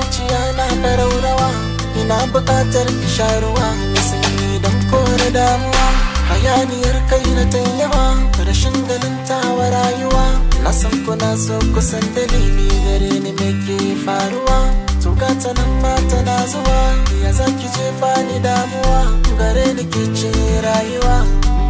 zuciya na da ina buƙatar isharuwa na sanyi don kore damuwa hayaniyar kai na ta yawa rashin ganin tawa rayuwa na san kuna so kusan dalili gare ni me ke faruwa ka ta nan ma tana zuwa ya za ki jefa ni damuwa gare ni ke ce rayuwa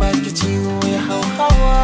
ba ki ciwo ya hau hawa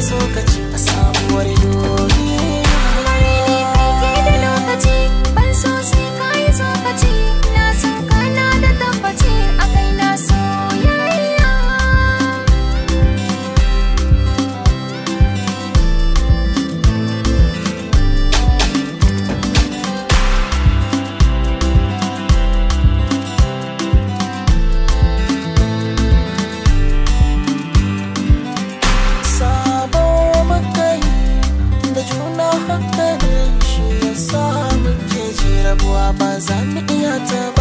sokaci I'm ba za mu iya ta